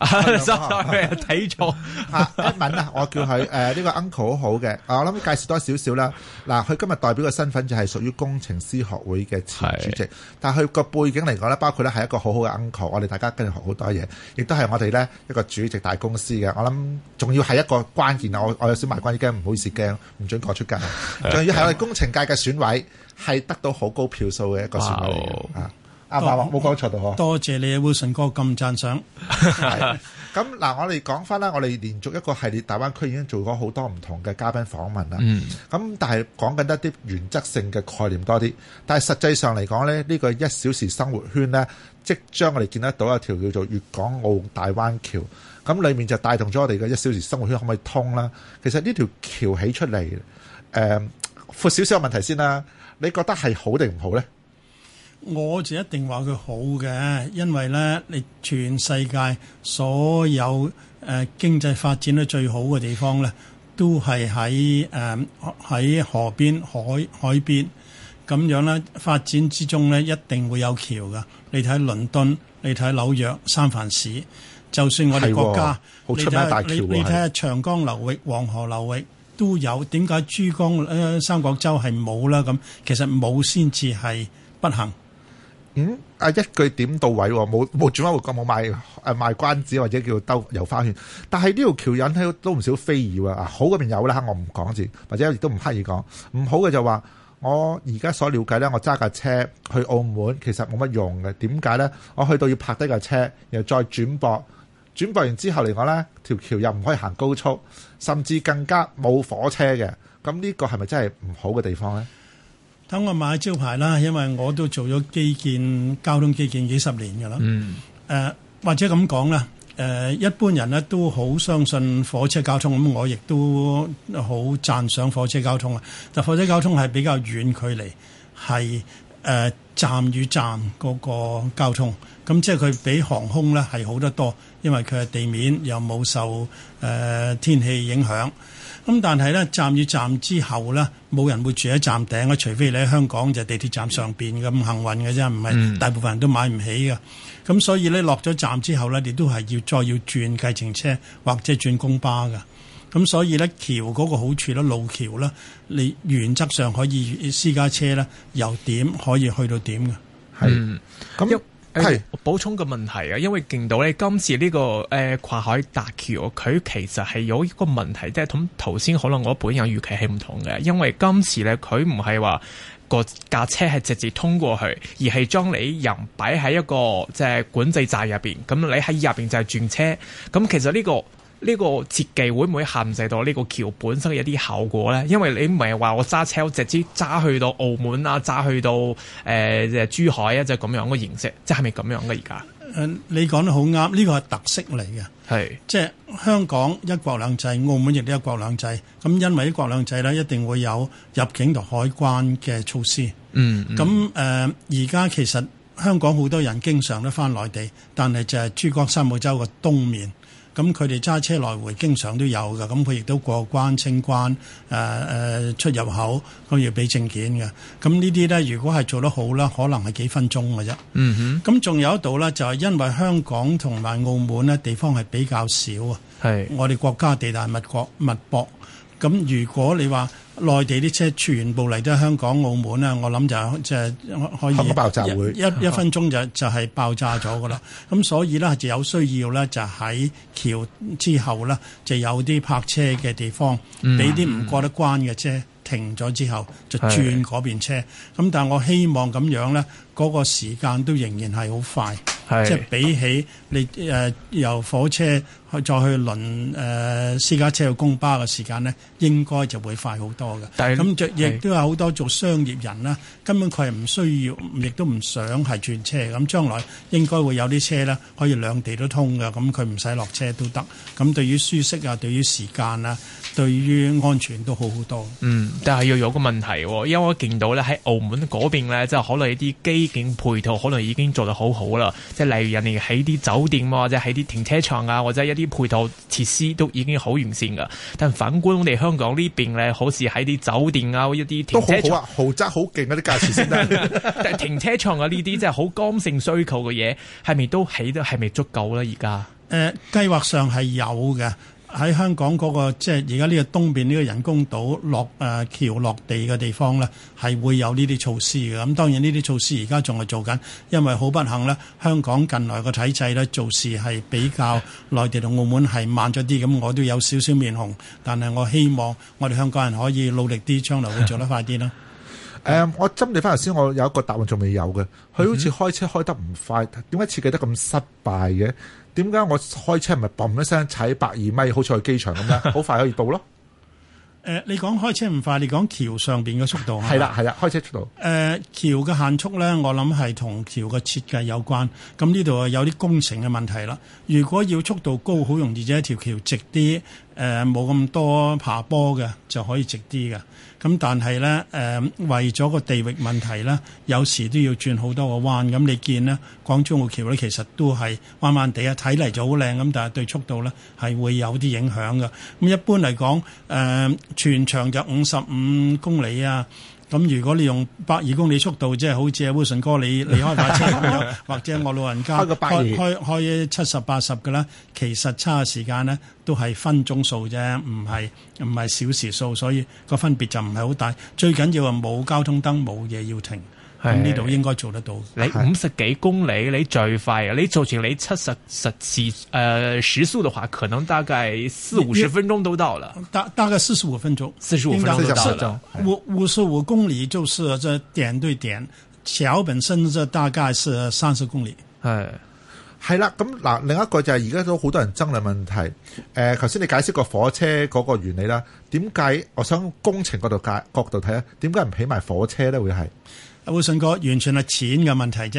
睇錯。一文 啊，我叫佢誒，呢、呃這個 uncle 好好嘅，我諗介紹多少少啦。嗱、呃，佢今日代表嘅身份就係屬於工程師學會嘅前主席，是但係佢個背景嚟講咧，包括呢係一個好好嘅 uncle，我哋大家跟住學好多嘢，亦都係我哋呢一個主席大公司嘅。我諗仲要係一個關鍵啊！我我有小埋關，已經唔好意思驚，唔准講出街。仲是要係我哋工程界嘅選委，係得到好高票數嘅一個選委阿爸，冇講錯到嗬？多謝你，Wilson 哥咁讚賞。咁嗱，我哋講翻啦，我哋連續一個系列，大灣區已經做過好多唔同嘅嘉賓訪問啦。嗯，咁但係講緊一啲原則性嘅概念多啲。但係實際上嚟講咧，呢個一小時生活圈咧，即將我哋見得到一條叫做粵港澳大灣橋。咁裡面就帶動咗我哋嘅一小時生活圈可唔可以通啦？其實呢條橋起出嚟，誒，闊少少問題先啦。你覺得係好定唔好咧？我就一定話佢好嘅，因為咧，你全世界所有誒、呃、經濟發展得最好嘅地方咧，都係喺誒喺河邊、海海邊咁樣咧。發展之中咧，一定會有橋嘅。你睇倫敦，你睇紐約、三藩市，就算我哋國家，哦、大橋，你睇下長江流域、黃河流域都有。點解珠江誒、呃、三角洲係冇啦？咁其實冇先至係不行。嗯，啊一句點到位喎，冇冇轉彎抹角，冇賣誒、呃、賣關子或者叫兜遊花園。但係呢條橋引起都唔少非議啊！好嗰邊有啦，我唔講住，或者亦都唔刻意講。唔好嘅就話，我而家所了解咧，我揸架車去澳門其實冇乜用嘅。點解咧？我去到要泊低架車，又再轉駁，轉駁完之後嚟講咧，條橋又唔可以行高速，甚至更加冇火車嘅。咁呢個係咪真係唔好嘅地方咧？等我買招牌啦，因為我都做咗基建、交通基建幾十年㗎喇。誒、嗯呃，或者咁講啦，誒、呃、一般人咧都好相信火車交通，咁我亦都好讚賞火車交通啊。但火車交通係比較遠距離，係誒、呃、站與站嗰個交通，咁、呃、即係佢比航空咧係好得多，因為佢係地面又冇受誒、呃、天氣影響。咁但係咧，站與站之後咧，冇人會住喺站頂，我除非你喺香港就係地鐵站上邊咁幸運嘅啫，唔係大部分人都買唔起噶。咁、嗯、所以咧，落咗站之後咧，你都係要再要轉計程車或者轉公巴噶。咁所以咧，橋嗰個好處咧，路橋咧，你原則上可以私家車咧，由點可以去到點嘅。係咁、嗯。係是、欸，我補充個問題啊，因為見到咧，今次呢、這個誒、呃、跨海大橋，佢其實係有一個問題，即係同頭先可能我本人預期係唔同嘅，因為今次咧佢唔係話個架車係直接通過去，而係將你人擺喺一個即係、就是、管制站入邊，咁你喺入邊就係轉車，咁其實呢、這個。呢個設計會唔會限制到呢個橋本身嘅一啲效果咧？因為你唔係話我揸車直接揸去到澳門啊，揸去到誒誒、呃、珠海啊，就咁樣嘅形式，即係咪咁樣嘅而家？誒、呃，你講得好啱，呢個係特色嚟嘅，係，即係香港一國兩制，澳門亦都一國兩制。咁因為一國兩制咧，一定會有入境同海關嘅措施。嗯，嗯，咁誒，而家其實香港好多人經常都返內地，但係就係珠江三角洲嘅東面。咁佢哋揸車來回經常都有㗎，咁佢亦都過關清關，誒、呃、誒出入口，咁要俾證件嘅。咁呢啲咧，如果係做得好啦，可能係幾分鐘嘅啫。嗯哼。咁仲有一度咧，就係、是、因為香港同埋澳門咧地方係比較少啊。係是。我哋國家地大物博物博。咁如果你話內地啲車全部嚟都香港澳門咧，我諗就就，就可以一爆炸會一,一分鐘就就係爆炸咗㗎喇。咁 所以咧就有需要咧，就喺橋之後咧就有啲泊車嘅地方，俾啲唔過得關嘅車停咗之後就轉嗰邊車。咁的但我希望咁樣咧，嗰、嗰個時間都仍然係好快。是即係比起你誒、呃、由火車去再去輪誒、呃、私家車去公巴嘅時間呢，應該就會快好多嘅。咁亦是都有好多做商業人啦、啊，根本佢係唔需要，亦都唔想係轉車。咁將來應該會有啲車啦，可以兩地都通嘅，咁佢唔使落車都得。咁對於舒適啊，對於時間啦、啊。對於安全都好好多。嗯，但係要有個問題，因為我見到咧喺澳門嗰邊咧，即係可能一啲基建配套可能已經做得好好啦。即係例如人哋喺啲酒店啊，或者喺啲停車場啊，或者一啲配套設施都已經好完善噶。但反觀我哋香港呢邊咧，好似喺啲酒店啊，一啲停車場都好啊，豪宅好勁嗰啲價錢先得。 但係停車場啊呢啲即係好剛性需求嘅嘢，係咪都起得係咪足夠咧？而家誒計劃上係有嘅。喺香港嗰、那個即係而家呢個東邊呢個人工島落誒、呃、橋落地嘅地方呢，係會有呢啲措施嘅。咁當然呢啲措施而家仲係做緊，因為好不幸咧，香港近來個體制呢，做事係比較內地同澳門係慢咗啲。咁我都有少少面紅，但係我希望我哋香港人可以努力啲，將來會做得快啲咯。誒的，嗯 um, 我針對翻頭先，我有一個答案仲未有嘅，佢好似開車開得唔快，點解設計得咁失敗嘅？點解我開車咪嘣一聲踩百二米，好似去機場咁樣？好快可以到咯。誒、 呃，你講開車唔快，你講橋上邊嘅速度啊？係啦係啦，開車速度。誒、呃，橋嘅限速咧，我諗係同橋嘅設計有關。咁呢度啊有啲工程嘅問題啦。如果要速度高，好容易就一條橋直啲。誒、呃，冇咁多爬坡嘅就可以直啲嘅。咁但係咧，誒、呃、為咗個地域問題咧，有時都要轉好多個彎。咁你見呢，港珠澳橋咧其實都係彎彎地啊，睇嚟就好靚。咁但係對速度咧，係會有啲影響嘅。咁一般嚟講，誒、呃、全長就五十五公里啊。咁如果你用百二公里速度，即係好似阿 Wilson 哥你離開架車咁樣， 或者我老人家 開個開開七十八十噶啦，其實差嘅時間咧都係分鐘數啫，唔係唔係小時數，所以個分別就唔係好大。最緊要啊，冇交通燈，冇嘢要停。咁呢度應該做得到。嗯、是你五十幾公里，你最快啊？是你做成你七十七誒、呃、時速嘅話，可能大概四五十分鐘都到了。大大概四十五分鐘，四十五分鐘就到咗五五十五公里，就是這點對點。橋本身就大概是三十公里。係係啦，咁嗱，是是，另一個就係而家都好多人爭論問題。誒、呃，頭先你解釋個火車嗰個原理啦，點解我想工程嗰度解角度睇啊？點解唔起埋火車咧？會係？阿胡信哥，完全係錢嘅問題啫，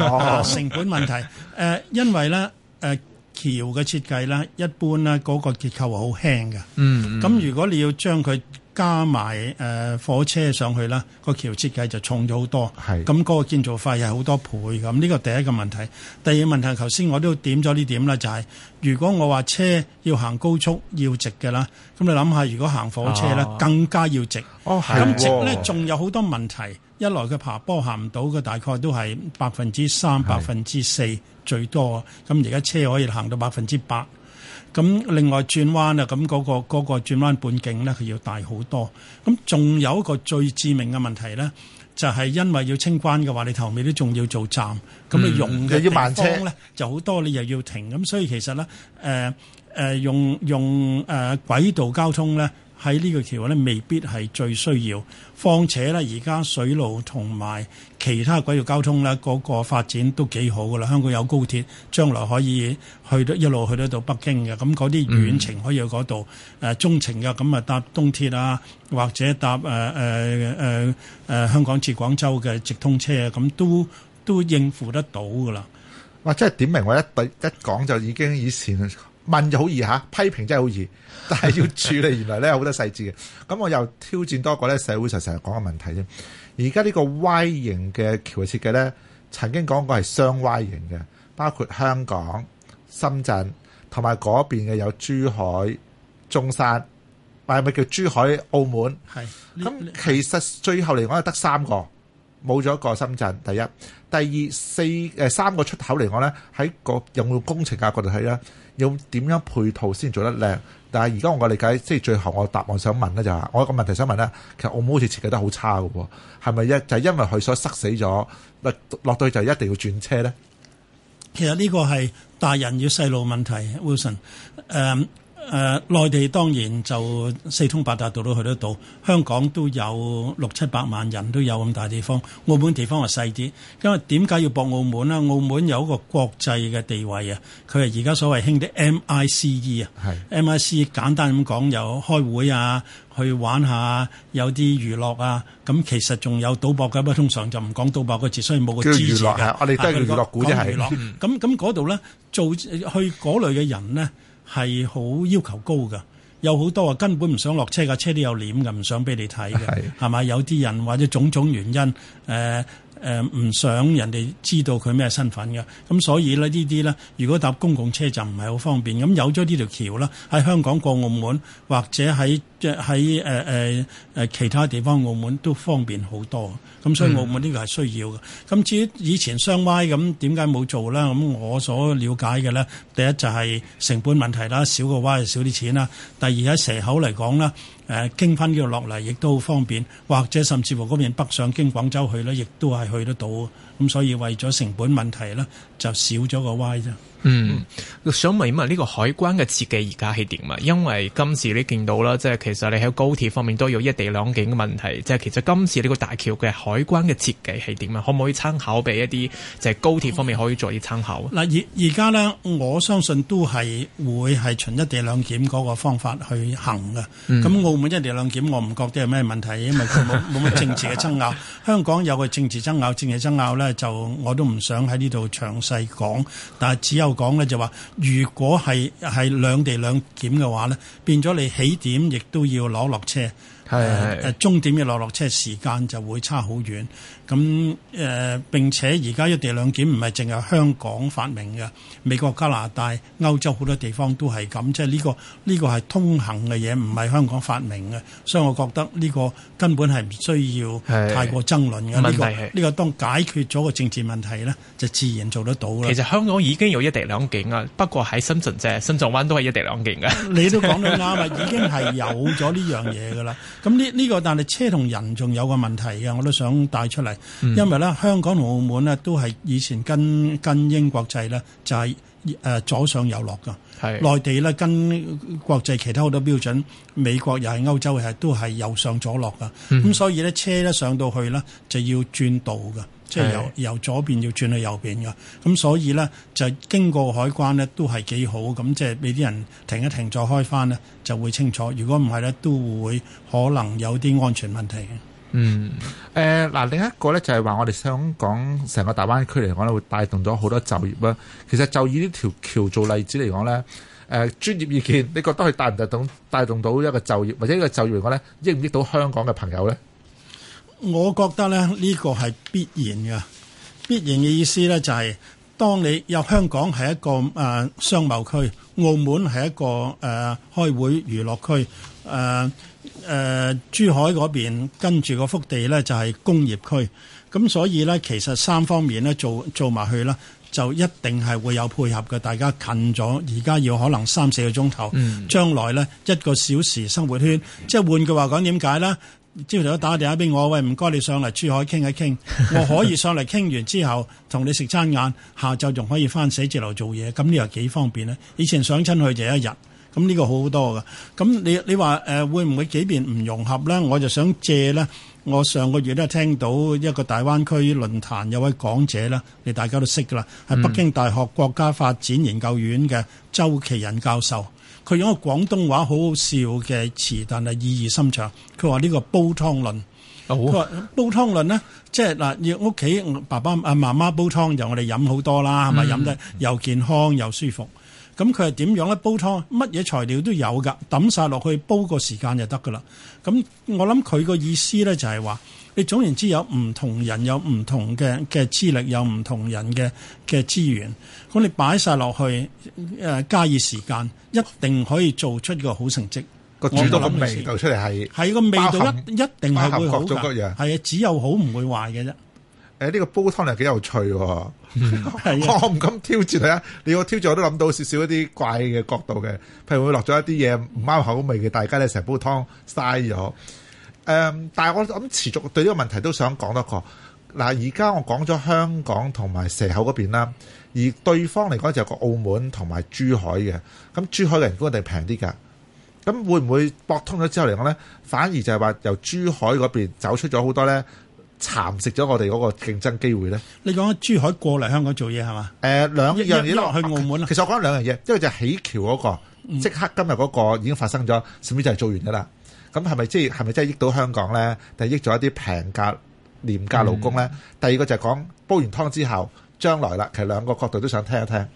成本問題誒、呃。因為咧，誒、呃，橋嘅設計咧，一般咧嗰個結構係好輕嘅。嗯，嗯，咁如果你要將佢，加埋誒、呃、火車上去啦，個橋設計就重咗好多，咁嗰是個建造費係好多倍咁，呢個第一個問題。第二個問題，頭先我都點咗呢點啦、就係，就係如果我話車要行高速要直嘅啦，咁你諗下，如果行火車咧，啊、更加要直。咁、哦啊、直咧，仲有好多問題，一來佢爬坡行唔到嘅，大概都係百分之三、百分之四最多。咁而家車可以行到百分之八。咁另外轉彎啦，咁、那、嗰個嗰、那個轉彎半徑呢，佢要大好多。咁仲有一個最致命嘅問題呢，就係、是、因為要清關嘅話，你頭尾都仲要做站，咁你、嗯、用嘅要慢車，地方呢就好多，你又要停咁，所以其實呢，誒、呃、誒、呃、用用誒、呃、軌道交通呢，喺呢個橋呢未必係最需要，況且呢，而家水路同埋，其他嘅軌道交通咧，嗰、嗰個發展都幾好噶啦。香港有高鐵，將來可以去到一路去得到北京嘅。咁嗰啲遠程可以去嗰度，誒、嗯呃、中程嘅咁啊搭東鐵啊，或者搭誒誒誒誒香港至廣州嘅直通車啊，咁都都應付得到噶啦。哇！即係點明我一對一講就已經以前問就好易嚇、啊，批評真係好易，但係要注意 原來咧有好多細節嘅。咁我又挑戰多個咧社會上成日講嘅問題啫。而家呢個 Y 型嘅橋設計呢，曾經講過係雙 Y 型嘅，包括香港、深圳同埋嗰邊嘅有珠海、中山，係咪叫珠海、澳門？係。咁其實最後嚟講係得三個，冇咗一個深圳。第一、第二、四誒、呃、三個出口嚟講呢，喺個用工程額角度睇咧，要點樣配套先做得靚？但係而家我嘅理解，即係最後我答案想問咧就係、是，我個問題想問咧，其實澳門好似設計得好差嘅喎，係咪一就係因為佢所塞死咗落落到去就一定要轉車咧？其實呢個係大人與細路問題，Wilson 誒、um。誒、呃，內地當然就四通八達，度都去得到。香港都有六七百萬人，都有咁大地方。澳門地方係細啲，因為點解要博澳門咧？澳門有一個國際嘅地位啊，佢係而家所謂興啲 MICE 啊是。係 MICE 簡單咁講，有開會啊，去玩下，有啲娛樂啊。咁其實仲有賭博㗎，不過通常就唔講賭博個字，所以冇個支持啊。我哋都係娛樂股啫，係、啊。咁咁嗰度咧，做去嗰類嘅人呢。係好要求高噶，有好多啊根本唔想落車嘅，車都有簾嘅，唔想俾你睇嘅，係咪是？有啲人或者種種原因，誒、呃。誒唔、呃、想人哋知道佢咩身份嘅，咁、嗯、所以咧呢啲呢，如果搭公共車就唔係好方便，咁、嗯、有咗呢條橋啦，喺香港過澳門或者喺即喺誒誒誒其他地方澳門都方便好多，咁、嗯、所以澳門呢個係需要嘅。咁至於以前雙歪咁點解冇做啦？咁我所了解嘅呢，第一就係、是、成本問題啦，少個歪就少啲錢啦。第二喺蛇口嚟講啦。誒、啊、經翻呢度落嚟，亦都好方便，或者甚至乎嗰邊北上經廣州去咧，亦都係去得到。咁、啊、所以為咗成本問題咧，就少咗個 Y 啫。嗯，想問一問呢個海關嘅設計而家係點啊？因為今次你見到啦，即係其實你喺高鐵方面都有一地兩檢嘅問題，即係其實今次呢個大橋嘅海關嘅設計係點啊？可唔可以參考俾一啲即係高鐵方面可以做啲參考？嗱、嗯，而而家咧，我相信都係會係循一地兩檢嗰個方法去行噶。咁、嗯、澳門一地兩檢，我唔覺得係咩問題，因為佢冇冇乜政治嘅爭拗。香港有個政治爭拗、政治爭拗咧，就我都唔想喺呢度詳細講，但係只有。講咧就話，如果係係兩地兩檢嘅話咧，變咗你起點亦都要攞落車。係係，誒、 嗯、終點嘅落落車時間就會差好遠。咁、嗯、誒並且而家一地兩檢唔係淨係香港發明嘅，美國、加拿大、歐洲好多地方都係咁，即係呢、呢個呢、呢個係通行嘅嘢，唔係香港發明嘅。所以我覺得呢個根本係唔需要太過爭論嘅。問題呢、呢個呢個當解決咗個政治問題呢，就自然做得到啦。其實香港已經有一地兩檢啊，不過喺深圳啫，深圳灣都係一地兩檢㗎。 你都講得啱啊，已經係有咗呢樣嘢㗎啦。咁呢呢個但係車同人仲有個問題嘅，我都想帶出嚟。嗯、因為咧，香港同澳門咧都係以前跟跟英國制咧，就係、是、誒左上右落㗎。是的 內地咧跟國際其他好多標準，美國又係，歐洲又係都係右上左落㗎。咁、嗯、所以呢，車咧上到去呢，就要轉道㗎。即係由由左邊要轉去右邊嘅，咁所以呢，就經過海關呢都係幾好，咁即係俾啲人停一停再開翻呢，就會清楚。如果唔係呢，都會可能有啲安全問題嘅。嗯，誒、呃、嗱另一個呢就係話我哋想講成個大灣區嚟講呢會帶動咗好多就業啦。其實就以呢條橋做例子嚟講呢，誒、呃、專業意見，你覺得佢帶唔帶動帶動到一個就業，或者一個就業嚟講呢，益唔益到香港嘅朋友呢？我覺得呢呢個係必然嘅。必然嘅意思呢就係當你入香港係一個誒、商貿區，澳門係一個誒、開會娛樂區，誒誒、珠海嗰邊跟住個幅地呢就係工業區，咁所以呢其實三方面呢做做埋去啦，就一定係會有配合嘅。大家近咗，而家要可能三四個鐘頭，將來呢一個小時生活圈，即係換句話講，點解呢？朝頭早打電話俾我，喂，唔該你上嚟珠海傾一傾，我可以上嚟傾完之後，同你食餐晏，下晝仲可以翻寫字樓做嘢，咁呢又幾方便呢？以前上親去就一日，咁呢個好好多噶。咁你你話誒、呃、會唔會幾便唔融合呢？我就想借呢。我上個月都聽到一個大灣區論壇有位講者咧，你大家都識噶啦，係北京大學國家發展研究院嘅周其仁教授。佢用一個廣東話好好笑嘅詞，但係意義深長。佢話呢個煲湯論，佢、oh. 煲湯論呢，即係嗱，屋企爸爸啊媽媽煲湯就我哋飲好多啦，係咪飲得又健康又舒服？咁佢係點樣咧？煲湯乜嘢材料都有㗎，揼晒落去煲個時間就得㗎啦。咁我諗佢個意思咧就係話。你總言之，有唔同人，有唔同嘅嘅資歷，有唔同人嘅嘅資源。咁你擺晒落去，誒、呃、加以時間，一定可以做出一個好成績。個煮到嘅味就出嚟係係個味道一一定係會好㗎。係啊，只有好唔會壞嘅啫。誒呢、欸這個煲湯又幾有趣喎！我唔敢挑戰你啊！你我挑戰我都諗到少少一啲怪嘅角度嘅，譬如會落咗一啲嘢唔啱口味嘅，大家咧成日煲湯嘥咗。誒、嗯，但係我諗持續對呢個問題都想講多一個。嗱，而家我講咗香港同埋蛇口嗰邊啦，而對方嚟講就係個澳門同埋珠海嘅。咁珠海嘅人工我哋平啲㗎。咁會唔會博通咗之後嚟講咧，反而就係話由珠海嗰邊走出咗好多咧，蠶食咗我哋嗰個競爭機會咧？你講珠海過嚟香港做嘢係嘛？誒、呃，兩樣嘢落去澳門。其實我講兩樣嘢，一個就係起橋嗰、嗰個，即刻今日嗰個已經發生咗，甚至就係做完㗎啦。咁係咪即係係咪真係益到香港咧？定益咗一啲平價廉價勞工咧？嗯、第二個就係講煲完湯之後，將來啦，其實兩個角度都想聽一聽。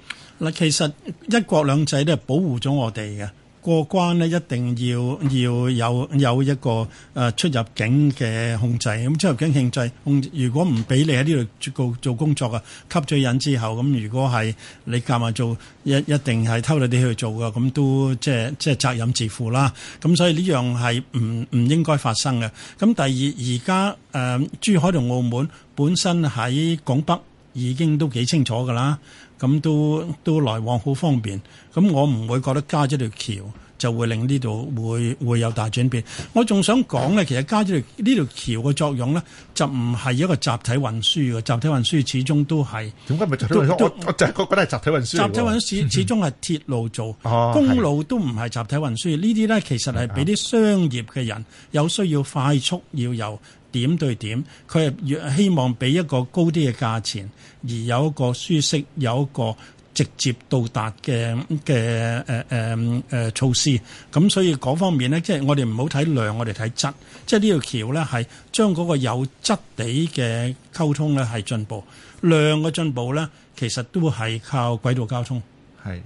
嗱，其實一國兩制都係保護咗我哋嘅。過關咧，一定要要有有一個誒出入境嘅控制。咁出入境控制控如果唔俾你喺呢度做做工作啊，吸咗人之後咁，如果係你夾埋做一一定係偷你哋去做㗎，咁都即係即係責任自負啦。咁所以呢樣係唔唔應該發生嘅。咁第二而家誒珠海同澳門本身喺廣北。已經都幾清楚噶啦，咁都都來往好方便，咁我唔會覺得加咗條橋就會令呢度會會有大轉變。我仲想講咧，其實加咗條呢條橋嘅作用咧，就唔係一個集體運輸嘅，集體運輸始終都係。點解咪集體運輸？我覺得係集體運輸。集體運輸，集體運輸始始終係鐵路做， 公路都唔係集體運輸。呢啲咧其實係俾啲商業嘅人有需要快速要有。點對點，佢係希望俾一個高啲嘅價錢，而有一個舒適、有一個直接到達嘅嘅誒誒誒措施。咁所以嗰方面咧，即係我哋唔好睇量，我哋睇質。即係呢條橋咧，係將嗰個有質地嘅溝通咧係進步，量嘅進步咧其實都係靠軌道交通係。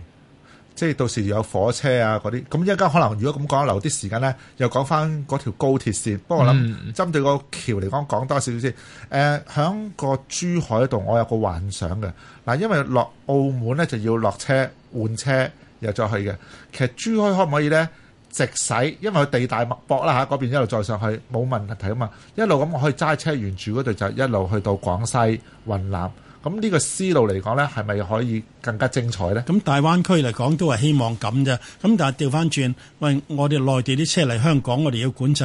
即係到時有火車啊嗰啲，咁一陣間可能如果咁講留啲時間呢，又講翻嗰條高鐵線。不過我諗、嗯、針對個橋嚟講講多少少先。誒、呃，響個珠海度，我有個幻想嘅嗱，因為落澳門呢，就要落車換車，又再去嘅。其實珠海可唔可以呢？直駛？因為地大物博啦嚇，嗰、啊、邊一路再上去冇問題啊嘛。一路咁我可以揸車沿住嗰度就一路去到廣西雲南。咁呢個思路嚟講呢，係咪可以更加精彩呢？咁大灣區嚟講都係希望咁啫。咁但係調翻轉，喂，我哋內地啲車嚟香港，我哋要管制。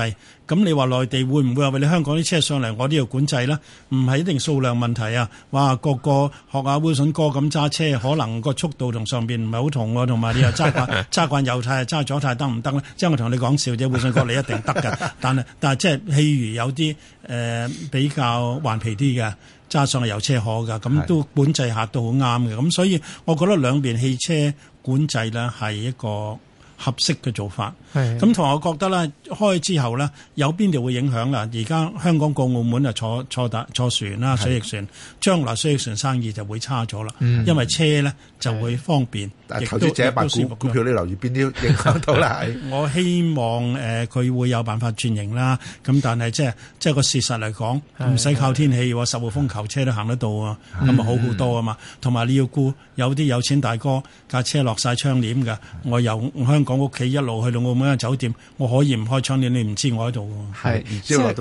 咁你話內地會唔會話，你香港啲車上嚟，我都要管制呢？唔係一定數量問題啊！哇，個個學下會信哥咁揸車，可能個速度上面同上邊唔係好同喎，同埋你又揸慣揸慣右軚，揸左軚得唔得呢？即係我同你講笑啫，會信哥你一定得㗎。 但係但係即係譬如有啲誒、呃、比較頑皮啲嘅。揸上係有車可㗎，咁都管制下都好啱嘅，咁所以我覺得兩邊汽車管制咧係一個合適嘅做法，咁同我覺得咧，開之後咧，有邊條會影響啦？而家香港過澳門啊，坐坐搭坐船啦，水翼船，將來水翼船生意就會差咗啦，因為車咧就會方便。投資者買股票，你留意邊啲影響到啦？係，我希望誒佢會有辦法轉型啦。咁但係即係即係個事實嚟講，唔使靠天氣，十號風球車都行得到啊。咁啊好好多啊嘛。同埋你要估，有啲有錢大哥架車落晒窗簾嘅，我由香港。我屋企一路去到澳門嘅酒店，我可以唔開窗簾，你唔知我喺度嘅。係仲有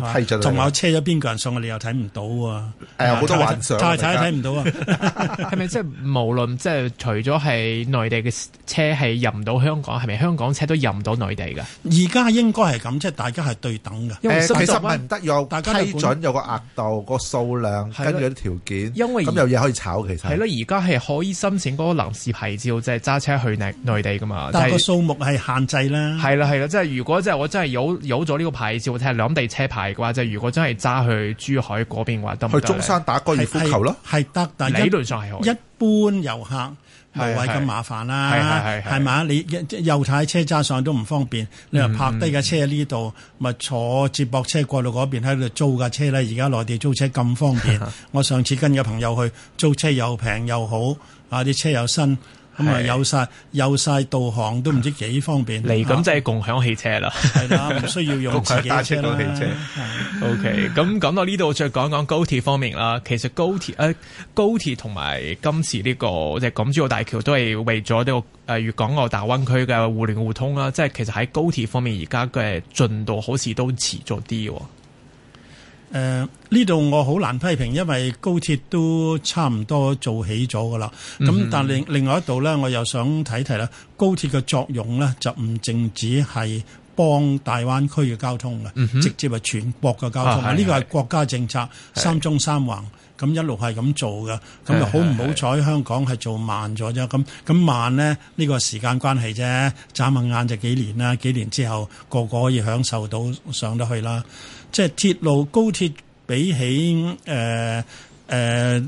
同埋車咗邊個人送你又睇唔到。誒，好多幻想，睇都睇唔到啊！係咪即係無論即係除咗係內地嘅車係入唔到香港，係咪香港車都入唔到內地㗎？而家應該係咁，即係大家係對等㗎因誒，其實唔得有，大家批准有個額度，個數量跟住啲條件。因咁有嘢可以炒，其實係咯。而家係可以申請嗰個臨時牌照，即係揸車去內內地㗎嘛。但係個數目。係限制啦，係啦係啦，即係如果即係我真係有有咗呢個牌照，睇下兩地車牌嘅話，即係如果真係揸去珠海嗰邊嘅話，得唔得？去中山打高爾夫球咯，係得，但係理論上係好。一般遊客無謂咁麻煩啦，啊，係嘛？你即係右軚車揸上都唔方便，你又泊低架車喺呢度，咪、嗯、坐接駁車過路嗰邊喺度租架車咧？而家內地租車咁方便， 我上次跟嘅朋友去租車又平又好，啊，啲車又新。又咁啊，有晒有晒導航都唔知幾方便。嚟，咁就係共享汽車啦。係 啦，唔需要用自己嘅啦。O K，咁講到呢度，再講講高鐵方面啦。其實高鐵誒、啊，高鐵同埋今次呢，這個即係港珠澳大橋，都係為咗呢個誒粵港澳大灣區嘅互聯互通啦。即係其實喺高鐵方面，而家嘅進度好似都遲咗啲。誒呢度我好難批評，因為高鐵都差唔多做起咗㗎喇。咁但係另外一度呢，我又想睇睇啦。高鐵嘅作用呢，就唔淨止係幫大灣區嘅交通㗎，直接係全國嘅交通。呢個係國家政策，三縱三橫咁一路係咁做嘅。咁就好唔好彩？香港係做慢咗啫。咁咁慢呢，呢個時間關係啫。眨下眼就幾年啦。幾年之後，個個可以享受到上得去啦。即係鐵路高鐵比起誒誒、呃呃、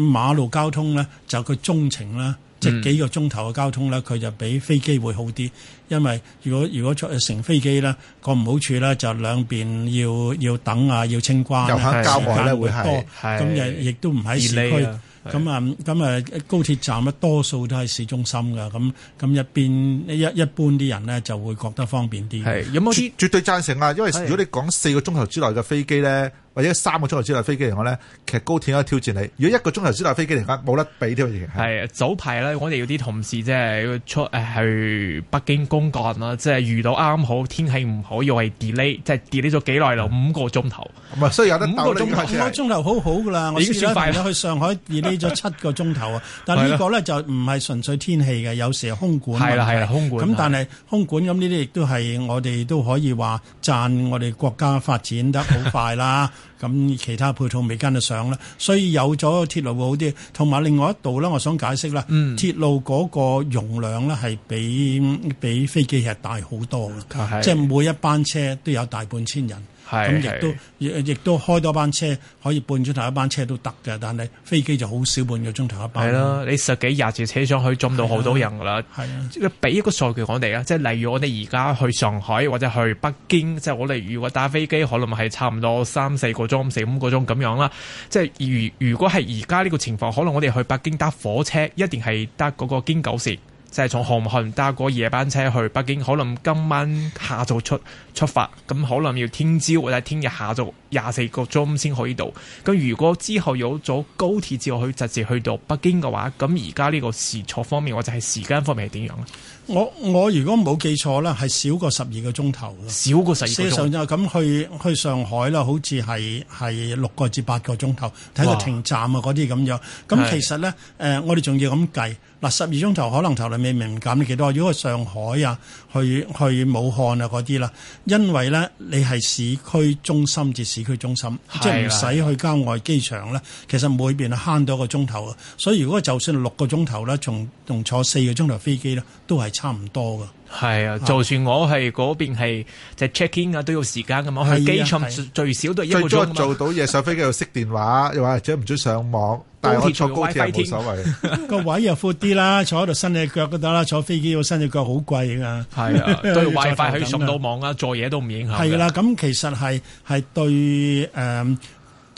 馬路交通咧，就佢中程啦，嗯、即係幾個鐘頭嘅交通咧，佢就比飛機會好啲。因為如果如果出乘，乘飛機咧，個唔好處咧就兩邊要要等啊，要清關，時間咧會多，咁亦亦都唔喺市區。是咁啊，咁啊，高鐵站咧多數都係市中心噶，咁咁入邊一一,一般啲人咧就會覺得方便啲。係，有冇絕對贊成啊？因為的如果你講四個鐘頭之內嘅飛機咧。或者三個鐘頭之內飛機嚟講咧，其實高鐵可以挑戰你。如果一個鐘頭之內飛機嚟講，冇得比添。係早排咧，我哋有啲同事即係出誒去，去北京公幹，啦，即係遇到啱好天氣唔好，又係 delay，即係 delay 咗幾耐咯，五、就是、個鐘頭。唔係、嗯，所以有得五鬥咧。五個鐘頭是好好噶啦，你快我試啦，同佢去上海 delay 咗七個鐘頭啊。 但呢個咧就唔係純粹天氣嘅，有時係空管。係啦係啦，空管。咁但係空管咁呢啲亦都係我哋都可以話讚，我哋國家發展得好快啦。 咁其他配套未跟得上啦，所以有咗鐵路會好啲，同埋另外一度咧，我想解釋啦，嗯、鐵路嗰個容量咧係比比飛機係大好多嘅，啊、即係每一班車都有大半千人。咁亦、嗯、都亦亦都開多班車，可以半鐘頭一班車都得嘅，但係飛機就好少半個鐘頭一班車。係咯、啊，你十幾廿次車上去，坐到好多人噶啦。係啊，畀、啊、一個數據我哋啊，即係例如我哋而家去上海或者去北京，即、就、係、是、我哋如果打飛機，可能係差唔多三四個鐘、四五個鐘咁樣啦。即、就、係、是、如如果係而家呢個情況，可能我哋去北京搭火車，一定係搭嗰個京九時，即係從紅磡搭個夜班車去北京，可能今晚下晝出。出發，咁可能要聽朝或者聽日下晝，廿四個鐘先可以到。咁如果之後有咗高鐵之後可以直接去到北京嘅話，咁而家呢個時差方面，或者係時間方面係點樣咧？我我如果冇記錯啦，係少過十二個鐘頭，少過十二，車上咁去去上海啦，好似係係六個至八個鐘頭，睇個停站啊嗰啲咁樣。咁其實咧，誒、呃、我哋仲要咁計嗱，十二鐘頭可能頭嚟未明咁幾多。如果去上海啊，去去武漢啊嗰啲啦。因為咧，你係市區中心至市區中心，的即係唔使去郊外機場咧，其實每邊慳到一個鐘頭。所以如果就算六個鐘頭咧，從同坐四個鐘頭飛機咧，都係差唔多噶。係啊，就算我係嗰邊係就 check in 啊，都要時間噶嘛。係啊，啊，啊，啊，去機場最少都係。最多做到嘢 上飛機又熄電話，又或者唔准上網，鐵但係我坐高鐵冇所謂。個位又闊啲啦，坐喺度伸隻腳都得啦。坐飛機要伸隻腳好貴噶。係啊，都有 WiFi 可以送到網啦，做嘢都唔影響。係啦、啊，咁其實係係對誒。嗯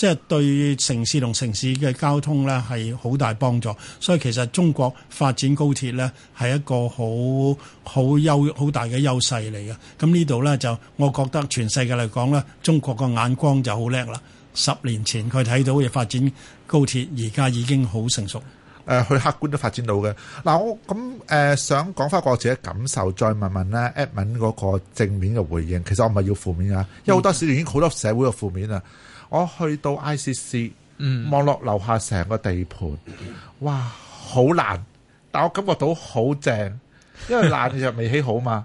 即係對城市同城市嘅交通呢，係好大幫助。所以其實中國發展高鐵呢，係一個好好優好大嘅優勢嚟嘅。咁呢度呢，就我覺得全世界嚟講呢，中國個眼光就好叻啦。十年前佢睇到嘅發展高鐵，而家已經好成熟。誒、呃，佢客觀都發展到嘅。嗱，我咁誒、呃、想講翻我自己感受，再問問咧，Edmond 嗰個正面嘅回應。其實我唔係要負面啊，因為好多時已經好多社會嘅負面啊。我去到 ICC，望落樓下成個地盤，哇，好爛，但我感覺到好正，因為爛就未起好嘛。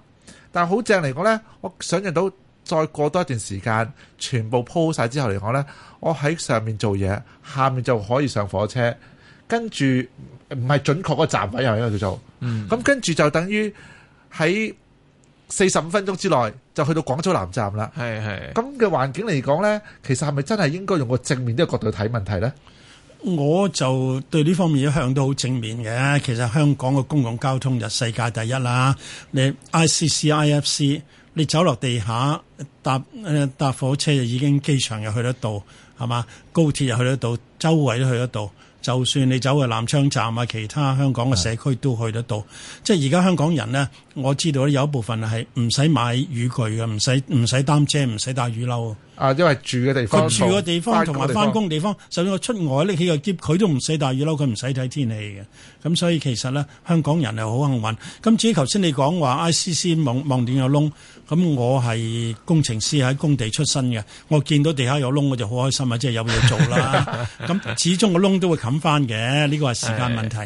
但係好正嚟講呢，我想象到再過多一段時間，全部鋪晒之後嚟講呢，我喺上面做嘢，下面就可以上火車，跟住唔係準確個站位又一個叫做，咁、嗯、跟住就等於喺。四十五分鐘之內就去到廣州南站啦。係係咁嘅環境嚟講咧，其實係咪真係應該用個正面嘅角度去睇問題咧？我就對呢方面一向都好正面嘅。其實香港嘅公共交通就世界第一啦。你 ICC IFC，你走落地下搭搭火車就已經機場又去得到係嘛？高鐵又去得到，周圍都去得到。就算你走去南昌站啊，其他香港嘅社區都去得到。是的 即係而家香港人呢，我知道咧有一部分係唔使買雨具嘅，唔使唔使擔遮，唔使帶雨褸。啊，因為住嘅地方，住嘅地方同埋翻工地方，就算我出外拎起個喼，佢都唔使帶雨褸，佢唔使睇天氣嘅。咁所以其實咧，香港人係好幸運。咁至於頭先你講話 ICC 望望點有窿，咁我係工程師喺工地出身嘅，我見到地下有窿，我就好開心啊，即係有嘢做啦。咁 始終個窿都會冚翻嘅，呢個係時間問題。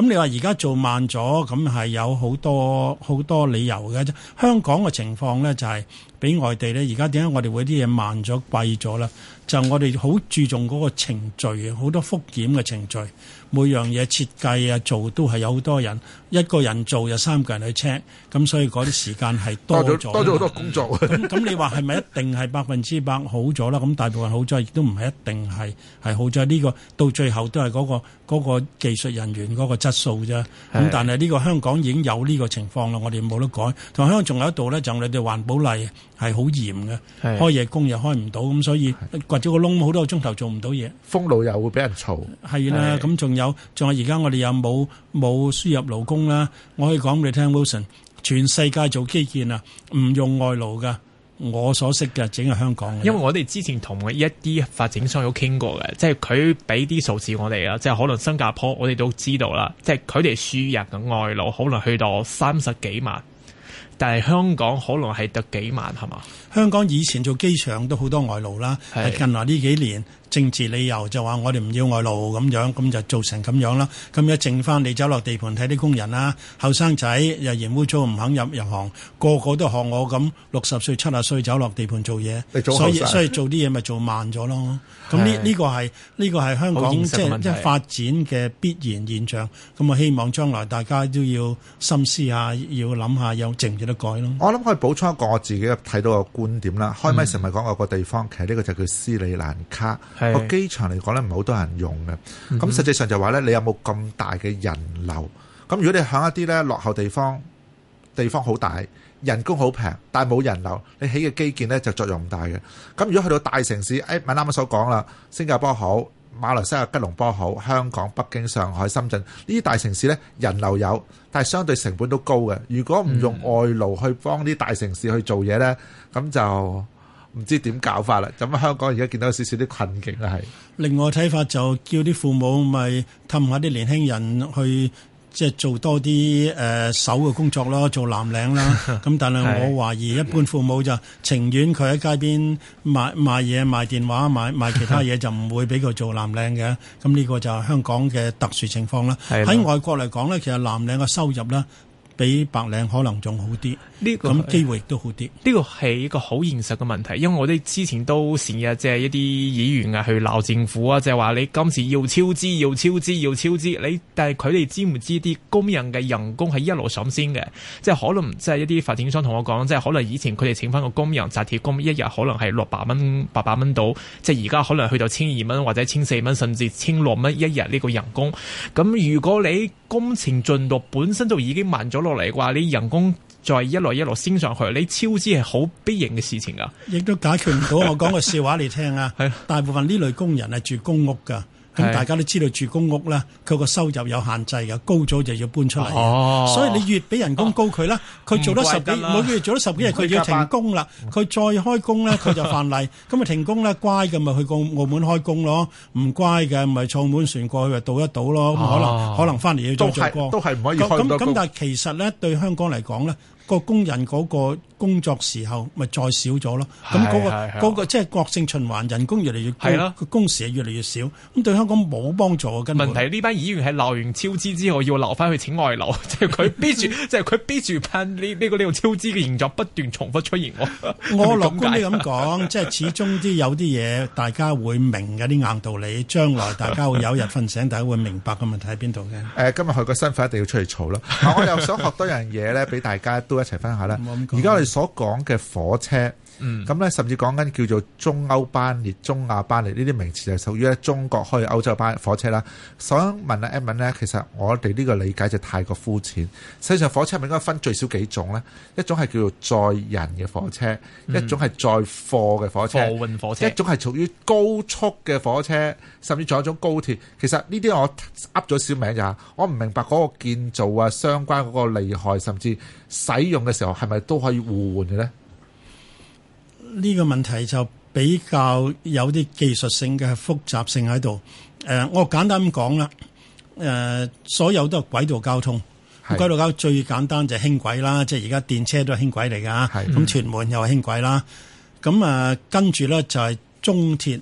咁 你話而家做慢咗，咁係有好多好多理由嘅啫。香港嘅情況咧就係。俾外地咧，而家點解我哋會啲嘢慢咗、貴咗啦？就係、我哋好注重嗰個程序，好多複檢嘅程序。每樣嘢設計啊做都係有好多人，一個人做又三個人去 check，咁所以嗰啲時間係多咗。多咗多咗好多工作。咁你話係咪一定係百分之百好咗啦？咁大部分好咗亦都唔係一定係係好咗。呢個到最後都係嗰個嗰個技術人員嗰個質素啫。咁但係呢個香港已經有呢個情況啦，我哋冇得改。同香港仲有一度呢，就係我哋環保例係好嚴嘅，開夜工又開唔到，咁所以掘咗個窿好多個鐘頭做唔到嘢。封路又會俾人嘈。係啦，咁仲有。仲有，而家我哋有冇冇輸入勞工啦。我可以講俾你聽，Wilson，全世界做基建啊，唔用外勞噶。我所識嘅淨係香港，因為我哋之前同一啲發展商有傾過嘅，即係佢俾啲數字我哋啊，即係可能新加坡我哋都知道啦，即係佢哋輸入嘅外勞可能去到三十幾萬，但係香港可能係得幾萬，係嘛？香港以前做機場都好多外勞啦，係是近來呢幾年。政治理由就話我哋唔要外勞咁樣，咁就做成咁樣啦。咁樣剩翻，你走落地盤睇啲工人啦，後生仔又嫌污糟，唔肯入入行，個個都學我咁六十歲、七十歲走落地盤做嘢早以，所以所以做啲嘢咪做慢咗咯。咁呢呢個係呢、呢個係香港、嗯、即係發展嘅必然現象。咁啊，希望將來大家都要深思下，要諗下有靜有得改咯。我諗可以補充一個我自己睇到嘅觀點啦。開咪成日講個個地方，其實呢個就叫，叫斯里蘭卡。個機場嚟講咧唔係好多人用嘅，咁實際上就話咧，你有冇咁大嘅人流？咁如果你響一啲咧落後地方，地方好大，人工好平，但係冇人流，你起嘅基建咧就作用唔大嘅。咁如果去到大城市，誒，咪啱啱所講啦，新加坡好，馬來西亞吉隆坡好，香港、北京、上海、深圳呢啲大城市咧人流有，但係相對成本都高嘅。如果唔用外勞去幫啲大城市去做嘢咧，咁就。唔知點搞法啦，咁香港而家見到有少少啲困境啦，係。另外睇法就叫啲父母咪氹下啲年輕人去，即係做多啲誒手嘅工作咯，做藍領啦。咁 但係我懷疑一般父母就情願佢喺街邊賣賣嘢、賣電話、賣賣其他嘢，就唔會俾佢做藍領嘅。咁呢個就係香港嘅特殊情況啦。喺 外國嚟講咧，其實藍領嘅收入啦，比白領可能仲好啲，呢、呢個咁機會都好啲。呢個係一個好現實嘅問題，因為我哋之前都成日即係一啲議員啊去鬧政府啊，即係話你今次要超支，要超支，要超支。你但係佢哋知唔知啲工人嘅人工係一路上升嘅？即係可能即係一啲發展商同我講，即係可能以前佢哋請翻個工人紮鐵工一日可能係六百蚊、八百蚊到，即係而家可能去到千二蚊或者千四蚊，甚至千六蚊一日呢個人工。咁如果你工程進度本身就已經慢咗嚟嘅話，你人工再一路一路升上去，你超支係好必然嘅事情啊，亦都解決唔到。我講 個笑話你聽啊，係 大部分呢類工人係住公屋噶。咁大家都知道住公屋咧，佢個收入有限制嘅，高咗就要搬出嚟。哦，所以你越俾人工高佢咧，佢做多十幾，每個月做多十幾日，佢要停工啦。佢再開工咧，佢就犯例。咁啊停工咧，乖嘅咪去澳澳門開工咯，唔乖嘅咪坐滿船過去咪賭一賭咯。可能可能翻嚟要再做工。都係唔可以開到。咁咁但係其實咧，對香港嚟講咧，個工人嗰個工作時候咪再少咗咯，咁嗰個個即係惡性循環，人工越嚟越高，個工時係越嚟越少，咁對香港冇幫助啊。根本問題，呢班議員係鬧完超支之後，要留翻去請外勞，即係佢逼住，即係佢逼住，憑呢呢個呢個超支嘅現狀不斷重複出現。我我樂觀啲咁講，即係始終啲有啲嘢大家會明嘅啲硬道理，將來大家會有一日瞓醒，大家會明白個問題喺邊度嘅。誒，今日佢個身份一定要出嚟吵啦，我又想學多樣嘢咧，俾大家都。一齊分享下啦，而家我哋所講嘅火車。咁咧，嗯、甚至講緊叫做中歐班列、中亞班列呢啲名詞，就屬於咧中國去歐洲班列火車啦。想問下 Eman 咧，其實我哋呢個理解就太過膚淺。事實上，火車係咪應該分最少幾種咧？一種係叫做載人嘅火車，一種係載貨嘅火車，嗯、貨運火車，火車一種係屬於高速嘅火車，甚至仲有一種高鐵。其實呢啲我噏咗小名就咋？我唔明白嗰個建造啊，相關嗰個利害，甚至使用嘅時候係咪都可以互換嘅咧？呢個問題就比較有啲技術性嘅複雜性喺度。誒，我簡單咁講啦。誒，所有都係軌道交通。軌道交通最簡單就係輕軌啦，即係而家電車都係輕軌嚟㗎。咁屯門又係輕軌啦。咁啊，跟住咧就係中鐵，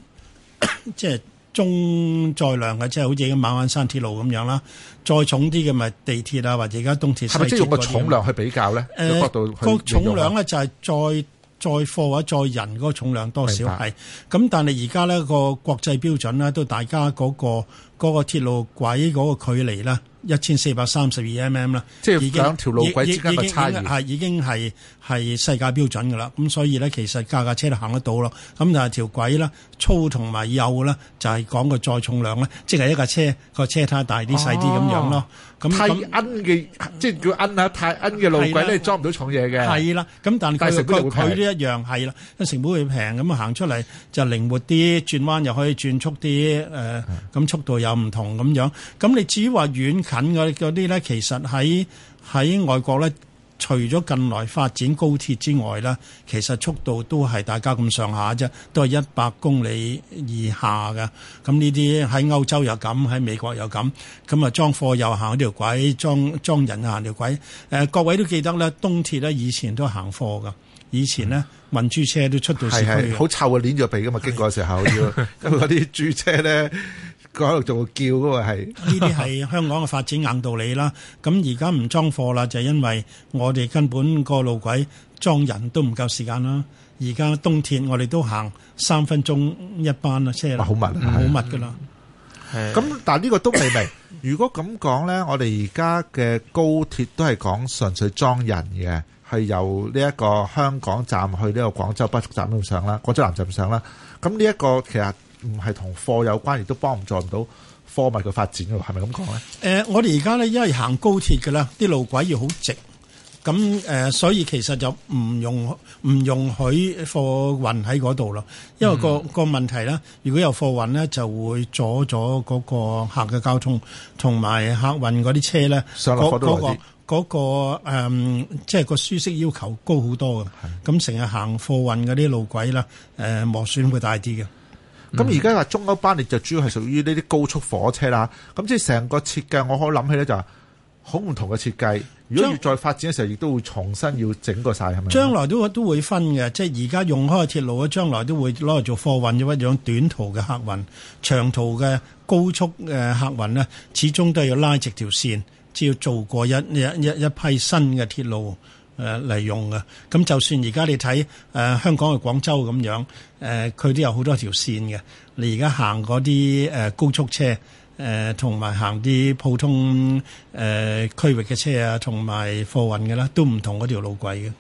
即係中載量嘅，即係好似咁馬鞍山鐵路咁樣啦。再重啲嘅咪地鐵啊，或者而家東鐵。係咪即係用個重量去比較咧？誒，個重量咧就係再。載貨或者載人嗰個重量多少係咁，白但係而家呢個國際標準呢，都大家嗰、嗰個嗰、嗰個鐵路軌嗰個距離呢，一千四百三十二 mm 啦，即係兩條路軌之間咪已經係。已經已經係世界標準嘅啦，咁、嗯、所以咧，其實架架車都行得到咯。咁就係條軌啦，粗同埋幼啦，就係、是、講個載重量咧，即係一架車個車太大啲細啲咁樣咯。咁太奀嘅，即係叫奀啊！太奀嘅路軌咧，裝唔到重嘢嘅。係啦的，咁但係成個路軌都一樣係啦，個成本會平咁啊，行出嚟就靈活啲，轉彎又可以轉速啲。誒、呃，咁速度又唔同咁樣。咁你至於話遠近嗰啲咧，其實喺喺外國咧。除咗近來發展高鐵之外呢，其實速度都係大家咁上下啫，都係一百公里以下嘅。咁呢啲喺歐洲又咁，喺美國又咁，咁啊裝貨又行條軌，裝裝人又行條軌。誒、呃，各位都記得咧，東鐵咧以前都行貨嘅，以前呢，運豬車都出到市區，好臭啊！攣咗鼻㗎嘛，的經過時候要， 因為啲豬車咧。嗰度就會叫嗰個係呢啲係香港嘅發展硬道理啦。咁而家唔裝貨啦，就係因為我哋根本個路軌裝人都唔夠時間啦。而家東鐵我哋都行三分鐘一班啊車啦，好密好密噶啦。咁但係呢個都未明。如果咁講咧，我哋而家嘅高鐵都係講純粹裝人嘅，係由呢一個香港站去呢個廣州北站度上啦，廣州南站度上啦。咁呢一個其實。唔係同貨有關，亦都幫唔助唔到貨物嘅發展咯，係咪咁講咧？誒、呃，我哋而家咧，因為行高鐵嘅啦，啲路軌要好直，咁誒、呃，所以其實就唔用唔容許貨運喺嗰度咯，因為、嗰個、嗯、個問題啦，如果有貨運咧，就會阻咗嗰個客嘅交通，同埋客運嗰啲車咧，嗰嗰那、嗰個、嗰個誒，即、那、係、個呃就係、個舒適要求高好多嘅，咁成日行貨運嘅啲路軌啦，誒、呃，磨損會大啲嘅。嗯咁而家話中歐班列就主要係屬於呢啲高速火車啦。咁即係成個設計，我可以諗起咧就係好唔同嘅設計。如果要再發展嘅時候，亦都會重新要整過晒，係咪？將來都都會分嘅，即係而家用開鐵路，將來都會攞嚟做貨運嘅一種短途嘅客運，長途嘅高速嘅客運呢，始終都係要拉直條線，只要做過一一一一,一批新嘅鐵路。誒嚟用嘅咁，就算而家你睇誒、呃、香港去廣州咁樣誒，佢、呃、都有好多條線嘅。你而家行嗰啲誒高速車誒，同、呃、埋行啲普通誒區、呃、域嘅車啊，同埋貨運嘅啦，都唔同嗰條路軌嘅。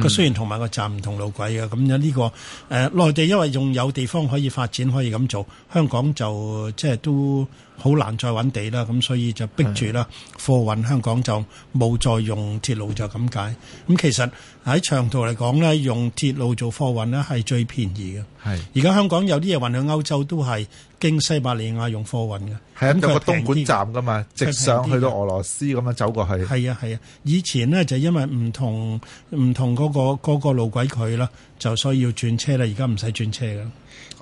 個、嗯、雖然同埋個站唔同路軌嘅，咁咧呢個誒、呃、內地因為仲有地方可以發展，可以咁做，香港就即係都好難再搵地啦，咁所以就逼住啦。貨運是香港就冇再用鐵路就咁解。咁其實喺長途嚟講咧，用鐵路做貨運呢係最便宜嘅。係而家香港有啲嘢運去歐洲都係。經西伯利亞用貨運嘅，係啊，有個東莞站噶嘛，直上去到俄羅斯咁樣走過去。係啊係啊，以前呢就因為唔同唔同嗰、嗰個、嗰個路軌佢啦，就所以要轉車啦。而家唔使轉車噶、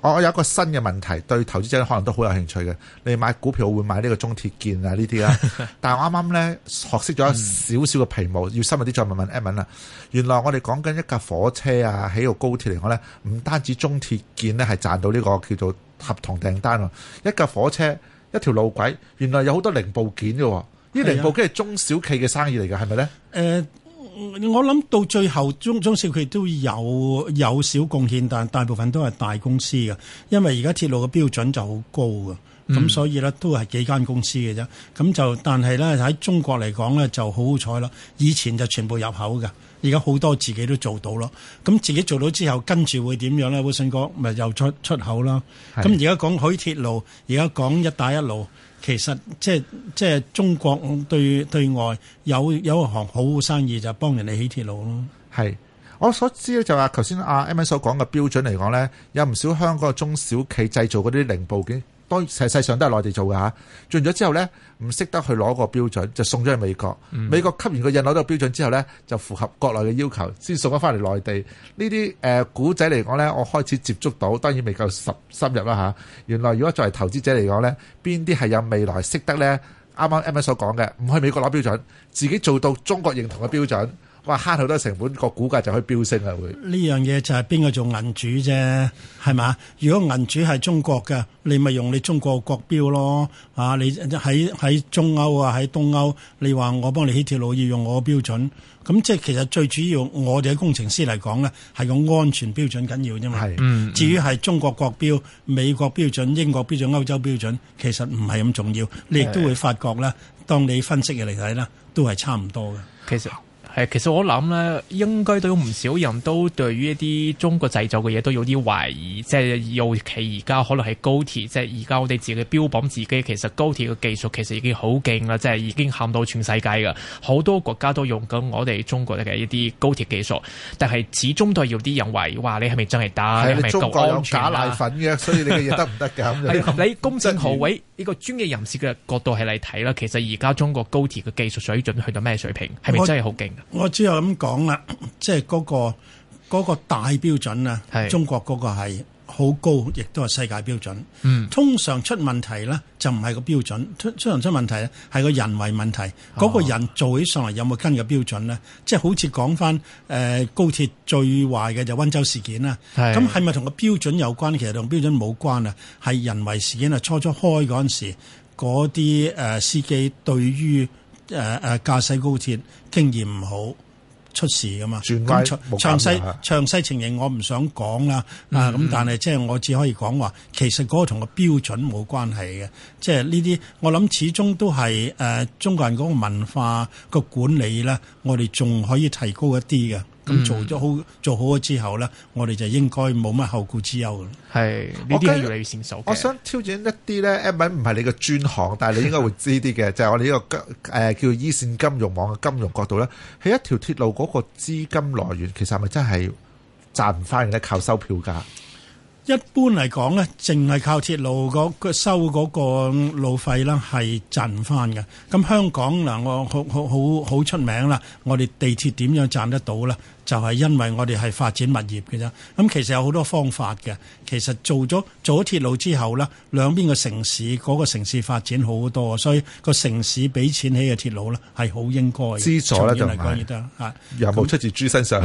哦。我有一個新嘅問題，對投資者可能都好有興趣嘅。你買股票會買呢個中鐵建啊，啊 剛剛呢啲啦。但係我啱啱咧學識咗少少嘅皮毛，要深入啲再問問阿 Man 啦。 嗯、原來我哋講緊一架火車啊，喺個高鐵嚟講咧，唔單止中鐵建呢係賺到呢個叫做。合同訂單喎，一架火車一條路軌，原來有好多零部件嘅喎。啲零部件係中小企嘅生意嚟嘅，係咪咧？誒、啊呃，我諗到最後，中中小企都有有少貢獻，但大部分都係大公司嘅，因為而家鐵路嘅標準就好高㗎，咁、嗯、所以咧都係幾間公司嘅啫。咁就但係咧喺中國嚟講咧就好好彩啦，以前就全部入口嘅。而家好多自己都做到咯，咁自己做到之後跟住會點樣咧？Wilson 哥咪又出出口啦。咁而家講起鐵路，而家講一帶一路，其實即係即係中國對對外有有一行好生意就係幫人哋起鐵路咯。係我所知咧、就係，就話頭先阿 m 所講嘅標準嚟講咧，有唔少香港嘅中小企製造嗰啲零部件。當然，世世上都係內地做嘅嚇。進咗之後呢，唔識得去攞個標準，就送咗去美國。美國吸完個印攞到標準之後呢，就符合國內嘅要求，先送咗翻嚟內地。呢啲誒古仔嚟講呢，我開始接觸到，當然未夠十深入啦嚇、啊。原來如果作為投資者嚟講呢，邊啲係有未來識得呢？啱啱 M S 所講嘅，唔去美國攞標準，自己做到中國認同嘅標準，哇！慳好多成本，個股價就可以飆升啦！會呢樣嘢就係邊個做銀主啫？係嘛？如果銀主係中國嘅，你咪用你中國國標咯。啊！你喺喺中歐啊，喺東歐，你話我幫你起條路要用我標準，咁即係其實最主要我哋嘅工程師嚟講咧，係個安全標準緊要啫嘛。係。嗯。至於係中國國標、美國標準、英國標準、歐洲標準，其實唔係咁重要。你亦都會發覺咧，係。當你分析嘅嚟睇啦，都係差唔多嘅。其實。誒，其實我諗咧，應該都有唔少人都對於一啲中國製造嘅嘢都有啲懷疑，即係尤其而家可能係高鐵，即係而家我哋自己標榜自己，其實高鐵嘅技術其實已經好勁啦，即係已經喊到全世界噶，好多國家都用緊我哋中國嘅一啲高鐵技術，但係始終都係有啲人懷疑，話你係咪真係得，係咪中國有假奶粉嘅？ 所以你嘅嘢得唔得嘅咁？ 你公正何位。呢個專業人士嘅角度係嚟睇啦，其實而家中國高鐵嘅技術水準去到咩水平？係咪我真係好勁？我只係咁講啦，即係嗰個嗰個大標準啦，中國嗰個係。好高，亦都係世界標準、嗯、標準。通常出問題咧，就唔係個標準，出通常出問題咧，係個人為問題，哦、嗰個人做起上嚟有冇跟嘅標準咧？即、就、係、是、好似講翻誒高鐵最壞嘅就溫州事件啦。係咁係咪同個標準有關？其實同標準冇關啊，係人為事件啊。初初開嗰陣時，嗰啲誒司機對於誒誒駕駛高鐵經驗唔好。出事噶嘛，咁詳細詳細情形我唔想講啦啊咁，嗯嗯，但係即係我只可以講話，其實嗰個同個標準冇關係嘅，即係呢啲我諗始終都係誒、呃、中國人嗰個文化個管理咧，我哋仲可以提高一啲嘅。咁做咗好做好咗之後咧，我哋就應該冇乜後顧之憂嘅。係，呢啲要你先，我想挑戰一啲咧，A 唔係你嘅專項，但係你應該會知啲嘅， 就係我哋呢、這個金誒、呃、叫依線金融網嘅金融角度咧，喺一條鐵路嗰個資金來源，其實係咪真係賺唔翻嘅？靠收票價。一般嚟講咧，淨係靠鐵路嗰個收嗰個路費啦，係賺翻嘅。咁香港嗱，我好好好好出名啦。我哋地鐵點樣賺得到咧？就係因為我哋係發展物業嘅啫。咁其實有好多方法嘅。其實做咗做咗鐵路之後咧，兩邊嘅城市嗰個城市發展好多，所以個城市俾錢起嘅鐵路咧係好應該。資助咧就唔可以啊，又冇出自豬身上。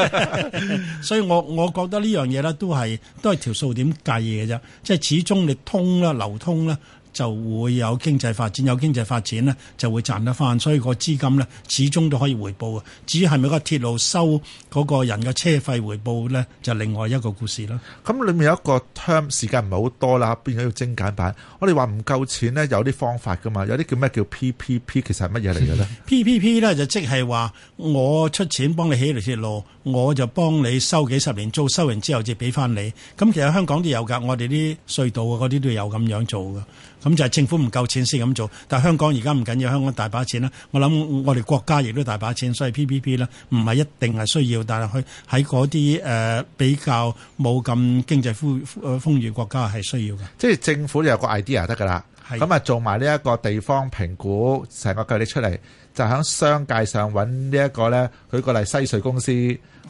所以我我覺得呢樣嘢咧都係都係。條數點計嘅啫，即係始終你通啦，流通啦。就會有經濟發展，有經濟發展呢就會賺得翻，所以個資金呢始終都可以回報嘅。至於係咪嗰個鐵路收嗰個人嘅車費回報呢，就另外一個故事啦。咁裡面有一個 term，時間唔係好多啦，變咗一個精簡版。我哋話唔夠錢呢，有啲方法噶嘛，有啲叫咩叫 PPP，其實係乜嘢嚟嘅呢？PPP 呢，就即係話我出錢幫你起條鐵路，我就幫你收幾十年租，收完之後再俾翻你。咁其實香港都有噶，我哋啲隧道啊，嗰啲都有咁樣做噶。咁就係政府唔夠錢先咁做，但係香港而家唔緊要，香港大把錢啦。我諗我哋國家亦都大把錢，所以、PP、P P P 啦，唔係一定係需要，但係去喺嗰啲誒比較冇咁經濟風豐裕國家係需要嘅。即係政府有個 idea 得㗎啦，咁啊的做埋呢一個地方評估，成個計列出嚟，就喺商界上揾呢一個咧，舉個例：西隧公司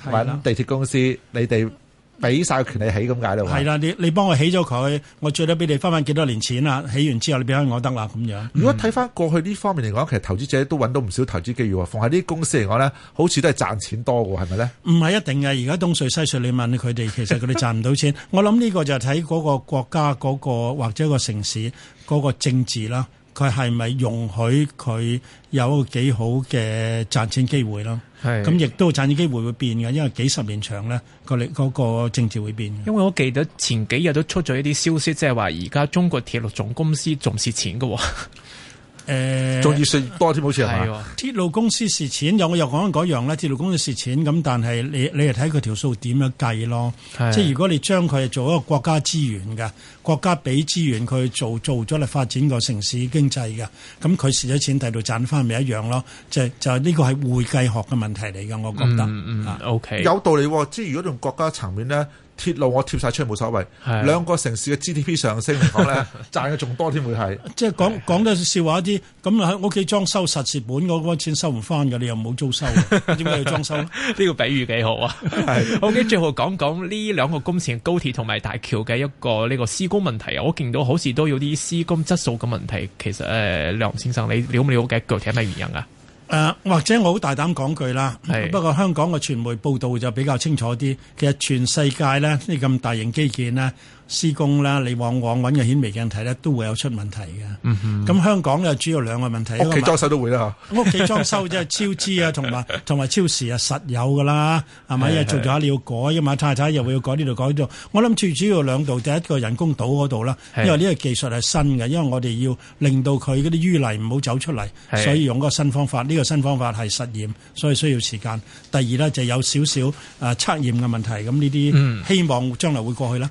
揾地鐵公司，的你哋，俾晒個權利起咁解咯，係啦，你你幫我起咗佢，我最多俾你翻翻幾多年錢啦，起完之後你俾翻我得啦咁樣。如果睇翻過去呢方面嚟講，其實投資者都揾到唔少投資機遇喎。放喺啲公司嚟講咧，好似都係賺錢多嘅，係咪咧？唔係一定嘅，而家東稅西稅，你問佢哋，其實佢哋賺唔到錢。 我諗呢個就係睇嗰個國家嗰個或者個城市嗰個政治啦。佢係咪容許佢有一個幾好嘅賺錢機會咯？咁亦都賺錢機會會變嘅，因為幾十年長咧，個力嗰個政治會變。因為我記得前幾日都出咗一啲消息，即係話而家中國鐵路總公司仲蝕錢嘅喎、哦。 誒，仲、欸、要多啲好似係嘛？鐵的 路公司蝕錢，有我又講嗰樣咧。鐵路公司蝕錢咁，但係你你又睇佢條數點樣計咯？的即係如果你將佢做一個國家資源嘅，國家俾資源佢做做咗嚟發展個城市經濟嘅，咁佢蝕咗錢，第度賺翻咪一樣咯？即係就係呢個係會計學嘅問題嚟嘅，我覺得。嗯 OK 有道理。即係如果從國家層面咧。Okay. 鐵路我貼晒出嚟冇所謂，兩的個城市嘅 GDP 上升嚟講咧，賺嘅仲多添會係。 的即係講講得笑話啲，咁喺屋企裝修實蝕本，我、那、嗰、個、錢收唔翻嘅，你又冇裝修，點解要裝修？呢個比喻幾好啊！OK 的最後講講呢兩個工程，高鐵同埋大橋嘅一個呢個施工問題啊！我見到好似都有啲施工質素嘅問題，其實誒、呃，梁先生你了唔了解具體係咩原因啊？ 誒，uh, 或者我好大膽講句啦，係不過香港嘅傳媒報道就比較清楚啲。其實全世界咧，呢咁大型基建咧。施工啦，你往往揾個顯微鏡睇咧，都會有出問題嘅。咁香港又主要兩個問題，屋企裝修都會啦。屋企裝修即係超支啊，同埋同埋超時啊，實有噶啦，係咪？又做咗你要改，又嘛？太太又會要改呢度改呢度。我諗住主要兩度，第一個人工島嗰度啦，因為呢個技術係新嘅，因為我哋要令到佢嗰啲淤泥唔好走出嚟，所以用個新方法。呢個新方法係實驗，所以需要時間。第二咧就有少少誒測驗嘅問題，咁呢啲希望將來會過去啦。